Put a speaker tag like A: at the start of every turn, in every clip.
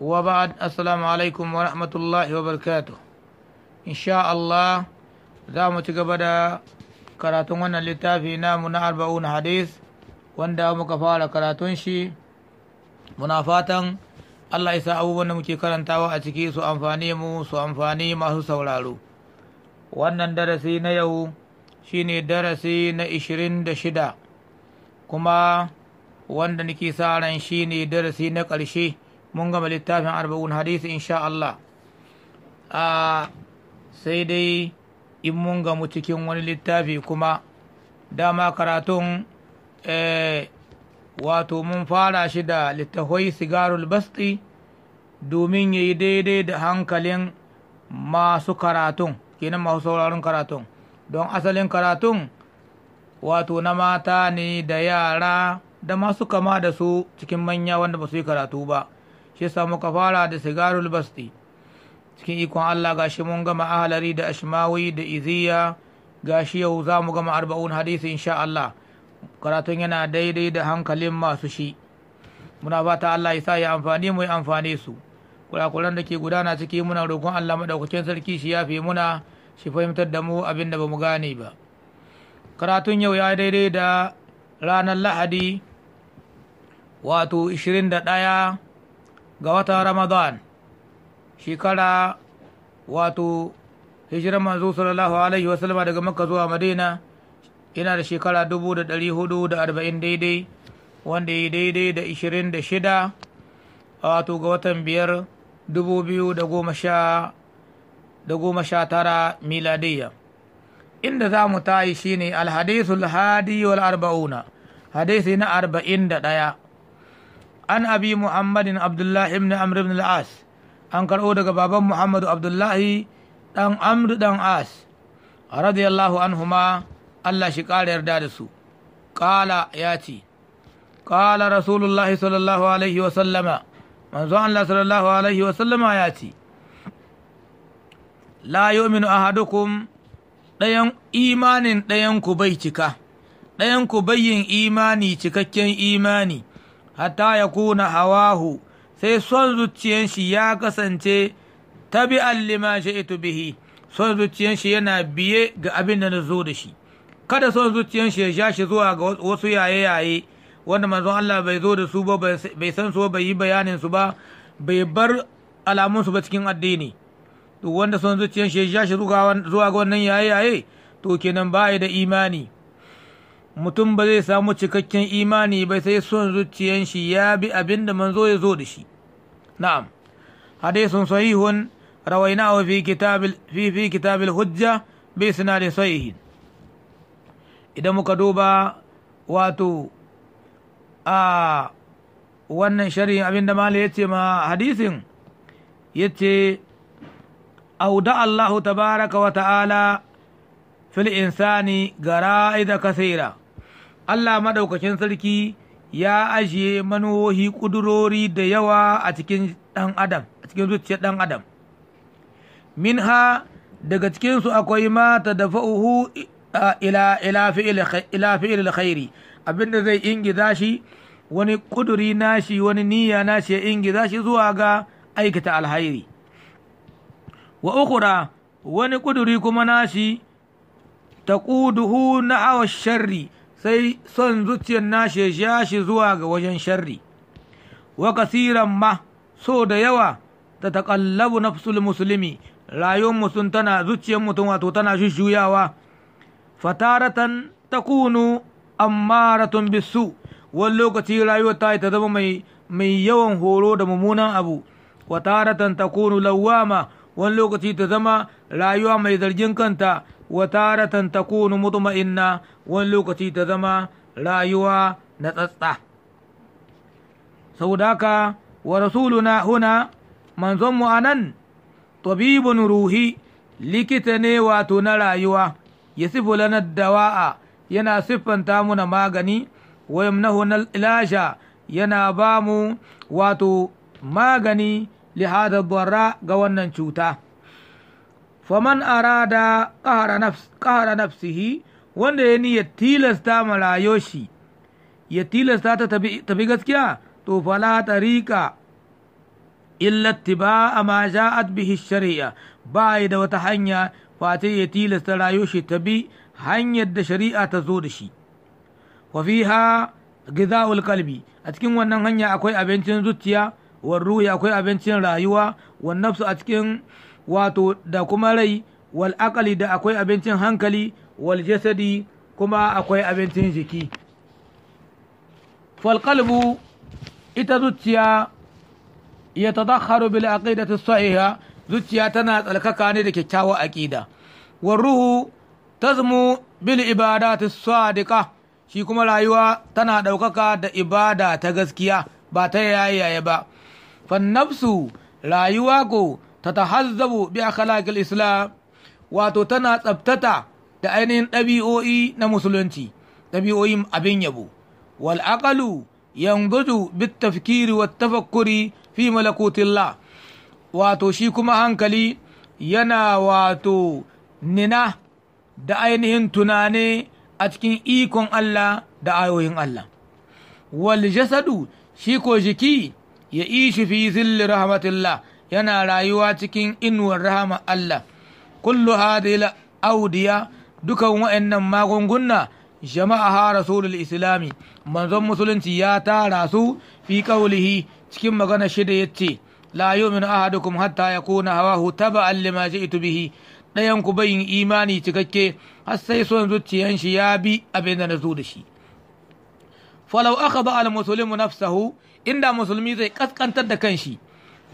A: wa ba'ad assalamu alaikum wa rahmatullahi wa barakatuh insha Allah za mu ci gaba da karatun wannan littafi namu na arba'un hadis wanda muka fara karatun shi muna fatan Allah isa abubuwan da muke karantawa a ciki su amfani mu su amfani masu sauraro wannan darasi na yau ne darasi na ishirin da shida kuma wanda nake sa ran shine darasi na ƙarshe mun gama littafin arba'un hadisi insha Allah a ah, sai dai in mun gamu cikin wani littafi kuma dama karatun eh, wato mun fara shi da littafai sigarul basti domin ya yi daidai da hankalin masu karatun kenan masu sauraron karatun don asalin karatun wato na mata ne da yara da masu kama da su cikin manya wanda ba su yi karatu ba shi yasa muka fara da sigarul basti cikin ikon Allah gashi mun gama ahalari da ashmawi da iziya gashi yau za mu gama arba'un hadisi insha Allah karatun yana daidai da hankalin masu shi muna fata Allah ya sa ya amfani mu ya amfane su kurakuran da ke gudana ciki muna roƙon Allah madaukakin sarki shi yafe muna shi fahimtar da mu abin da bamu gane ba karatun yau ya daidai da ranar Lahadi wato 21 ga watan ramadan shekara wato hijiran manzo sallallahu alaihi wasallama daga makka zuwa madina yana da shekara dubu da ɗari hudu da arba'in daidai wanda ya daidai da ishirin da shida wato ga watan biyar dubu biyu da goma sha da goma sha tara miladiyya inda za mu tayi shine alhadisul hadi wal arba'una hadisi na arba'in da ɗaya an abi muhammadin abdullahi ibn amr ibn al-as an karɓo daga baban muhammadu abdullahi ɗan amr ɗan as radiyallahu anhuma allah shi ƙara yarda da su ƙala ya ce ƙala rasulullahi sallallahu alaihi wa sallama manzo allah sallallahu alaihi wa sallama ya ce la yu'minu ahadukum ɗayan imanin ɗayan ku bai cika ɗayanku bayyin imani cikakken imani hatta ya kuna hawahu sai son zuciyan ya kasance tabi lima sha'itu bihi son zuciyan yana biye ga abin da na zo da shi kada son zuciyan ya sha shi zuwa ga wasu yaye yaye wanda manzon Allah bai zo da su ba bai san su bai yi bayanin su ba bai bar alamun su ba cikin addini to wanda son zuciyan ya sha shi zuwa ga wannan yaye yaye to kenan ba da imani mutum ba zai samu cikakken imani ba sai son zuciyan shi ya bi abin da manzo ya zo da shi na'am hadisun sahihun rawainahu fi kitabil fi fi kitabil hujja bi sanadi sahihin idan muka duba wato a wannan shari'in abin da malai yace ma hadisin yace auda Allahu tabaraka wa ta'ala fil insani gara'ida kasira Allah maɗaukakin sarki ya ajiye manohi ƙudurori da yawa a cikin ɗan adam a cikin zuciyar ɗan adam minha daga cikinsu akwai mata da dafa'uhu ila fi'il khairi abinda zai ingiza shi wani ƙuduri shi, wani niyya shi, ya ingiza shi zuwa ga aikata alhairi wa ukura wani ƙuduri kuma shi ta ƙuduhu na awa sharri sai son zuciyar nashi ya shi zuwa ga wajen sharri wa kasiran ma so da yawa ta taƙallabu nafsul musulmi rayuwar mutum tana zuciyar mutum wato tana shushuyawa fataratan takunu ammaratun bisu wani lokaci rayuwa ta yi ta zama mai yawan horo da mummunan abu wataratan takunu lawama wani lokaci ta zama rayuwa mai zargin kanta wa taratan takunu mutma'inna wani lokaci ta zama rayuwa na tsatsa Sau daka, wa rasuluna huna manzon mu anan tabibun ruhi likita ne wato na rayuwa ya sifu lana wa'a yana siffanta muna magani wa yamnahu na ilasha yana ba mu wato magani lihadar barra ga wannan cuta faman arada ƙahara nafsihi wanda ya ni tilasta ma shi ya tilasta ta tafi gaskiya to fala tariqa illa tiba ma ja'at bihi shari'a ba yi da wata hanya face ya tilasta rayo shi ta bi hanyar da shari'a ta zo da shi wa fiha giza'ul kalbi a cikin wannan hanya akwai abincin zuciya wa ruhi akwai abincin rayuwa wa nafsu a cikin wato da kuma rai wal akali da akwai abincin hankali wal jasadi kuma akwai abincin jiki falkalbu ita zuciya ya tadakharu bil aqidati sahiha zuciya tana tsalkaka ne da kyakkyawar aqida war ruhu tazmu bil ibadati sadiqa shi kuma rayuwa tana ɗaukaka da ibada ta gaskiya ba ta yayaya ba fannafsu rayuwa ko ta tahazzabu bi akhlaqil islam wato tana tsabtata da ainihin ɗabi'o'i na musulunci ɗabi'o'in abin yabo wal aqalu yangudu bit tafkiri wat tafakkuri fi malakutillah wato shi kuma hankali yana wato nina da ainihin tunane a cikin ikon Allah da ayoyin Allah wal jasadu shi ko jiki ya ishi fi zilli rahmatillah yana rayuwa cikin inuwar rahama Allah kullu hadhihi audiya dukan wa'annan magunguna jama'a ha rasulul islami manzon musulunci ya tara su fi qaulihi cikin magana shida ya yace la yu'minu ahadukum hatta yakuna hawahu taba'an lima ji'tu bihi ɗayan ku bayin imani cikakke har sai son zuciyan shi ya bi abin da na zo da shi falau aka ba al-muslimu nafsahu inda musulmi zai kaskantar da kanshi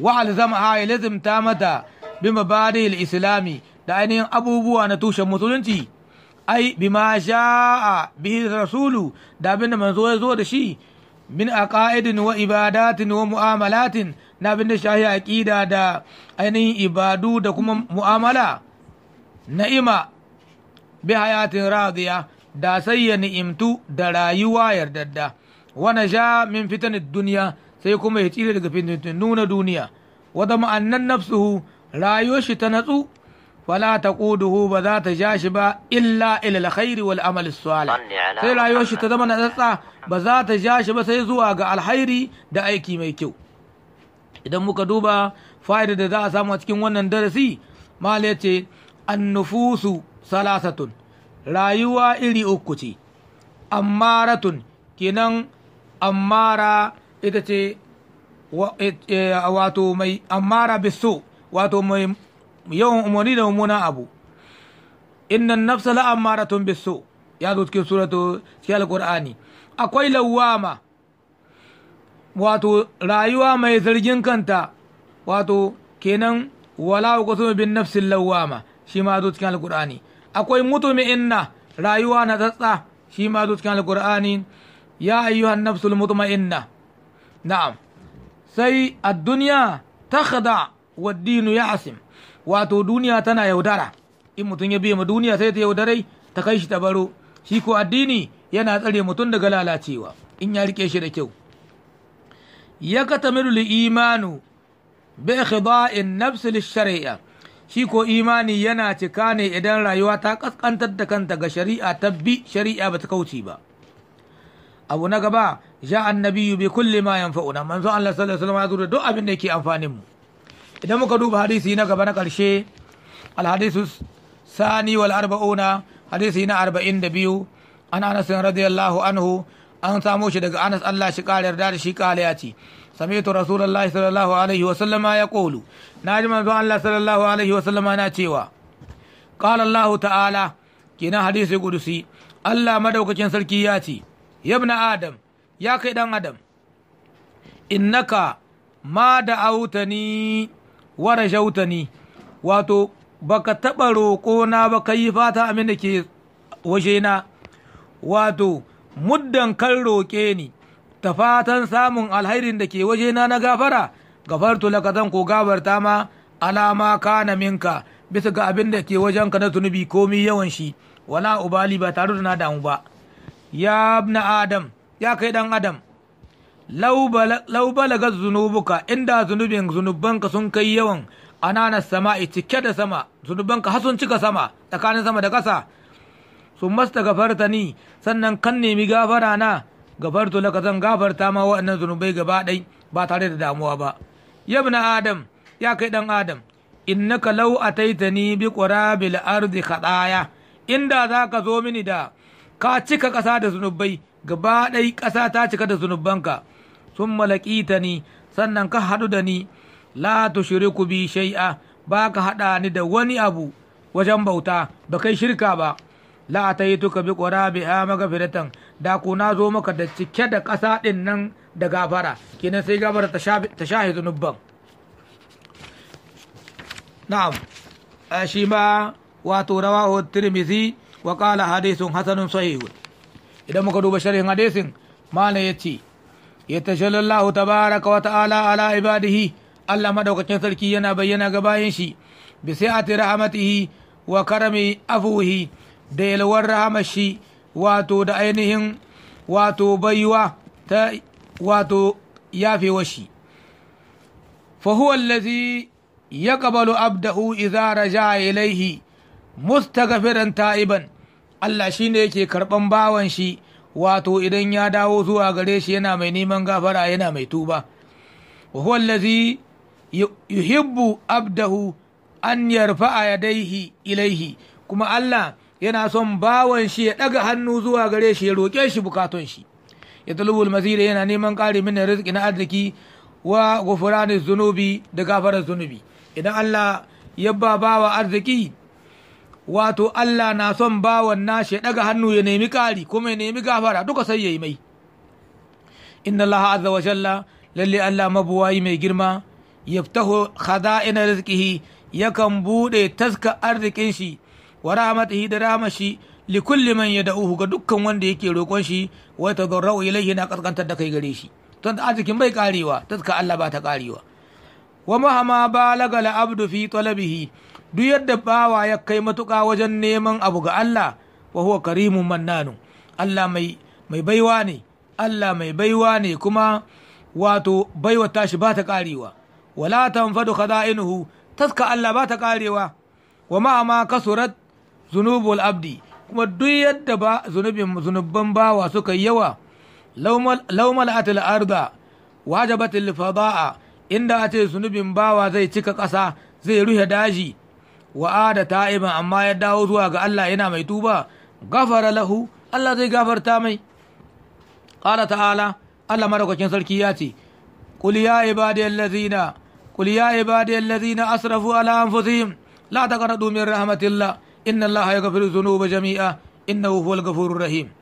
A: wa alzamaha ya lazimta mata bi mabadil islami da ainihin abubuwa na tushen musulunci ai ma sha'a bihi rasulu da abin da manzo ya zo da shi min aqaidin wa ibadatin wa mu'amalatin na abin da shahi aqida da ainihin ibadu da kuma mu'amala na'ima bi hayatin radiya da sai ya ni'imtu da rayuwa yardadda wa nasha min fitanid duniya sai kuma ya tsira daga fitintunu nuna duniya wata ma'annan nafsuhu rayuwar shi ta natsu fala ta ƙuduhu ba za ta ja shi ba illa ilal khairi wal amal salih sai rayuwar shi ta zama natsatsa ba za ta ja shi ba sai zuwa ga alhairi da aiki mai kyau idan muka duba fa'ida da za a samu a cikin wannan darasi mala ce an salasatun rayuwa iri uku ce ammaratun kenan ammara ita ce eh, eh, wato mai amara biso wato mai yawan umarni da mummunan abu inna nafsa la tun biso ya zo cikin suratu cikin alkur'ani akwai lawama wato rayuwa mai zargin kanta wato kenan wala uqsimu bin nafsin lawama shi ma zo cikin alkur'ani akwai inna rayuwa na tsatsa shi ma zo cikin alkur'ani ya ayyuhan nafsul inna na'am sai a duniya ta khada wa dinu ya asim wato duniya tana yaudara in mutum ya biya ma duniya sai ta yaudarai, ta kai shi ta baro shi ko addini yana tsare mutum daga lalacewa in ya rike shi da kyau ya katamiru imanu bi khida'in nafsi lishari'a shi ko imani yana cika ne idan rayuwa ta kaskantar da kanta ga shari'a ta bi shari'a ba ta kauce ba abu na gaba ja annabiyyu bi kulli ma yanfa'una manzo Allah sallallahu alaihi wasallam ya zo da duk abin da yake amfanin mu idan muka duba hadisi na gaba na karshe alhadisu sani wal arba'una hadisi na arba'in da biyu an anas radiyallahu anhu an samo shi daga anas Allah shi kare yarda da shi kale ya ce sami'tu rasulullahi sallallahu alaihi wa sallama ya qulu naji manzo Allah sallallahu alaihi wa sallama na cewa qala Allah ta'ala kina hadisi kudusi Allah madaukakin sarki ya ce yabna adam ya kai ɗan adam innaka ma da autani wa rashautani wato baka taɓa roƙona ba ka yi fata amin da ke washena wato muddan kan roƙe ni ta fatan samun alhairin da ke wajena na gafara gafartu laka zan ko gabarta ma alama na minka bisa ga abin da ke ka na zunubi komi yawan shi wala ubali ba tare da na damu ba ya na adam ya kai ɗan adam lau balaga zunubuka inda zunubin zunubanka sun kai yawan ananan sama'i cike da sama zunubanka har sun cika sama tsakanin sama da ƙasa sun masta gafarta ni sannan kan nemi gafara na gafartu laka zan gafarta ma waɗannan zunubai gaba ɗai ba tare da damuwa ba na adam ya kai ɗan adam innaka lau ni bi qurabil ka tsaya inda ka zo mini da ka cika ƙasa da zunubai gaba ɗai ƙasa ta cika da zunubanka sun ta ni sannan ka haɗu da ni la ku bi shai'a ba ka haɗa ni da wani abu wajen bauta ba kai shirka ba la tuka bi ƙwara a magafiratan da ku na zo maka da cike da ƙasa ɗin nan da gafara kenan sai gafara ta shahi zunubban na'am shi ma wato rawahu tirmizi wa qala hadithun hasanun sahihun idan muka duba sharhin hadisin mana ya ce ya tashalallahu tabaraka wa ta'ala ala ibadihi Allah madaukakin sarki yana bayyana ga bayan shi bi sa'ati rahmatihi wa karami afuhi da yalwar rahamar shi wato da ainihin wato baiwa ta wato yafewa shi fa huwa allazi yaqbalu abdahu idza raja'a ilayhi mustaghfiran ta'iban Allah shi ne yake karɓan bawan shi wato idan ya dawo zuwa gare shi yana mai neman gafara yana mai tuba wa lazi yi yuhibbu abdahu an a yadaihi ilaihi kuma Allah yana son bawan shi ya ɗaga hannu zuwa gare shi ya roƙe shi bukatun shi ya talubul masira yana neman ƙari mini rizki na arziki wa gufuranin zunubi da gafarar zunubi idan Allah ya ba bawa arziki wato Allah na son bawan nashi ya ɗaga hannu ya nemi kari kuma ya nemi gafara duka sai ya yi mai inna Allah azza wa jalla lalle Allah mabuwayi mai girma yaftahu khaza'ina rizqihi yakan bude taska arzikin shi wa rahmatihi da rahmashi li kulli man yad'uhu ga dukkan wanda yake roƙon shi wa tadarra'u ilayhi na kaskantar da kai gare shi tun arzikin bai karewa taska Allah ba ta karewa wa mahama balaga al abdu fi talabihi duk yadda bawa ya kai matuƙa wajen neman abu ga Allah wa huwa karimun mannanu Allah mai mai baiwa ne Allah mai baiwa ne kuma wato baiwa tashi ba ta karewa wala tanfadu khada'inuhu taska Allah ba ta karewa wa ma ma kasurat zunubul abdi kuma duk yadda ba zunubin zunubban bawa suka yi yawa laumal atil arda wajabatil fada'a inda a ce zunubin bawa zai cika ƙasa zai ruhe daji wa'ada ta'iban amma ya dawo zuwa ga Allah yana mai tuba gafara lahu Allah zai gafarta mai qala ta'ala Allah madaukakin sarki ya ce qul ya ibadiyal ladzina qul ya ibadiyal ladzina asrafu ala anfusihim la taqnatu min rahmatillah inna Allah yaghfiru dhunuba jami'a innahu huwal ghafurur rahim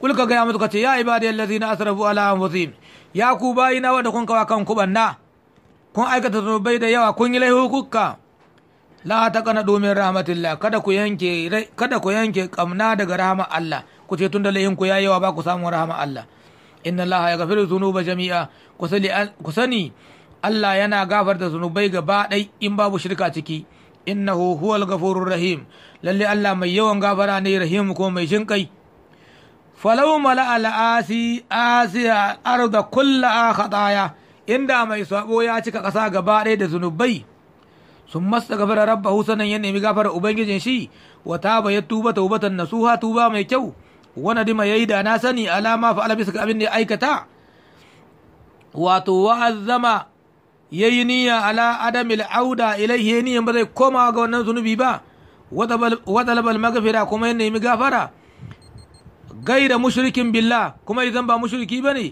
A: kul ka gaya musu ka ce ya ibadiyal ladzina asrafu ala anfusihim ya ku bayina wanda kun kawa kan ku banna kun aikata zunubai da yawa kun yi laihukuka la taqanadu min rahmatillah kada ku yanke kada ku yanke kamna daga rahama Allah ku ce tun da layin ku yawa ba ku samu rahama Allah inna Allah gafiru zunuba jami'a ku sani Allah yana gafar da zunubai gaba ɗai in babu shirka ciki innahu huwal gafurur rahim lalle Allah mai yawan gafara ne rahim ko mai shinkai falau mala al'asi asiya arda kullu khataya inda mai sabo ya cika ƙasa gaba ɗaya da zunubai sun masta gafara rabba sannan ya nemi gafara ubangijin shi wa ba ya tuba taubatan nasuha tuba mai kyau wani dima yi da na sani alama fa alabi bisa abin da ya aikata wato ya yayi niyya ala adamil auda yi niyyan ba zai koma ga wannan zunubi ba wata talabal magafira kuma ya nemi gafara gaida mushrikin billah kuma idan ba mushriki bane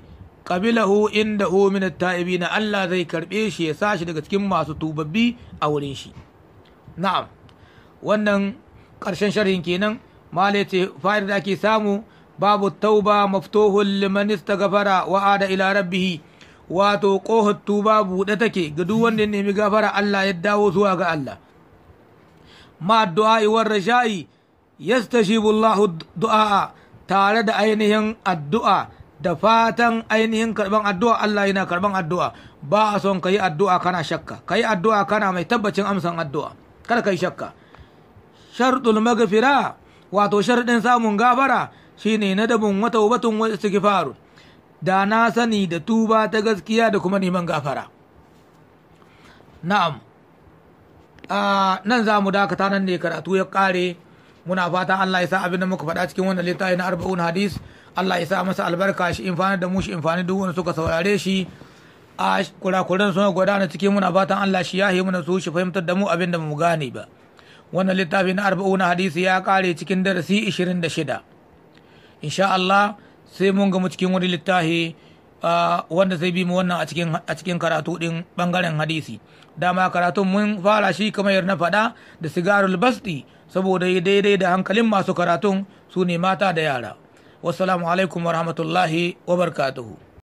A: qabilahu indahu min at-ta'ibin Allah zai karbe shi ya sashi daga cikin masu tubabbi a wurin shi na'am wannan karshen sharhin kenan malai ce fa'ir da ake samu babu tauba maftuhul liman istaghfara wa ada ila rabbih wato kohar tuba bude take ga duk wanda ya nemi gafara Allah ya dawo zuwa ga Allah ma du'a war rajai yastajibu Allahu du'a tare da ainihin addu'a da fatan ainihin karban addu'a Allah yana karban addu'a ba a son ka yi addu'a kana shakka ka yi addu'a kana mai tabbacin amsan addu'a kada ka yi shakka sharɗul Magafira? wato sharɗin samun gafara shine na dabin wata ubatun wasu faru da na sani da tuba ta gaskiya da kuma neman gafara na'am ah, nan za mu dakata nan ne karatu ya kare. muna fatan Allah ya sa abin da muka faɗa cikin wannan littafi na arba'un hadis Allah ya sa masa albarka shi infani da mu shi infani duk wanda suka saurare shi a kurakuran suna gudana cikin muna fatan Allah shi yahi muna su shi fahimtar da mu abin da mu gane ba wannan littafi na arba'un hadisi ya kare cikin darasi 26 insha Allah sai mun gamu cikin wani littafi wanda zai bi mu wannan a cikin karatu din bangaren hadisi dama karatun mun fara shi kamar na faɗa da sigarul basti saboda yi daidai da hankalin masu karatun su ne mata da yara wassalamu alaikum warahmatullahi wabarakatuhu